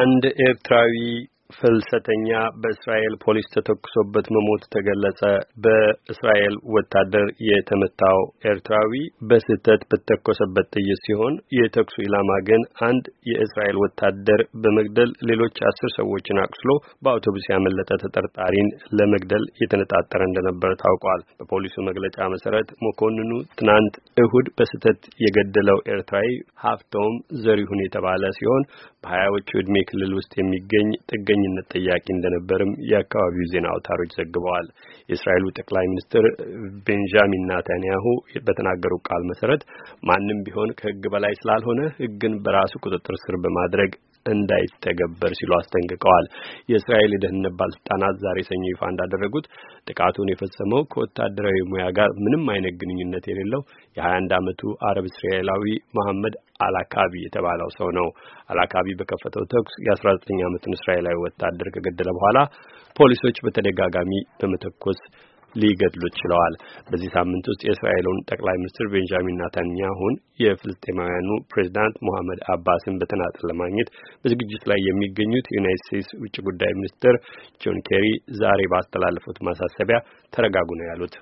አንድ ኤርትራዊ ፍልሰተኛ በእስራኤል ፖሊስ ተተኩሶበት መሞት ተገለጸ። በእስራኤል ወታደር የተመታው ኤርትራዊ በስህተት በተኮሰበት ጥይት ሲሆን የተኩሱ ኢላማ ግን አንድ የእስራኤል ወታደር በመግደል ሌሎች አስር ሰዎችን አቁስሎ በአውቶቡስ ያመለጠ ተጠርጣሪን ለመግደል የተነጣጠረ እንደነበረ ታውቋል። በፖሊሱ መግለጫ መሰረት መኮንኑ ትናንት እሁድ በስህተት የገደለው ኤርትራዊ ሀፍቶም ዘሪሁን የተባለ ሲሆን በሀያዎቹ ዕድሜ ክልል ውስጥ የሚገኝ ጥገ የጥገኝነት ጠያቂ እንደነበርም የአካባቢው ዜና አውታሮች ዘግበዋል። የእስራኤሉ ጠቅላይ ሚኒስትር ቤንጃሚን ናታንያሁ በተናገሩ ቃል መሰረት ማንም ቢሆን ከህግ በላይ ስላልሆነ ህግን በራሱ ቁጥጥር ስር በማድረግ እንዳይተገበር ሲሉ አስጠንቅቀዋል። የእስራኤል የደህንነት ባለስልጣናት ዛሬ ሰኞ ይፋ እንዳደረጉት ጥቃቱን የፈጸመው ከወታደራዊ ሙያ ጋር ምንም አይነት ግንኙነት የሌለው የ21 ዓመቱ አረብ እስራኤላዊ መሐመድ አላካቢ የተባለው ሰው ነው። አላካቢ በከፈተው ተኩስ የ19 ዓመቱን እስራኤላዊ ወታደር ከገደለ በኋላ ፖሊሶች በተደጋጋሚ በመተኮስ ሊገድሉ ችለዋል። በዚህ ሳምንት ውስጥ የእስራኤሉን ጠቅላይ ሚኒስትር ቤንጃሚን ናታንያሁን የፍልስጤማውያኑ ፕሬዚዳንት ሞሐመድ አባስን በተናጠል ለማግኘት በዝግጅት ላይ የሚገኙት የዩናይት ስቴትስ ውጭ ጉዳይ ሚኒስትር ጆን ኬሪ ዛሬ ባስተላለፉት ማሳሰቢያ ተረጋጉ ነው ያሉት።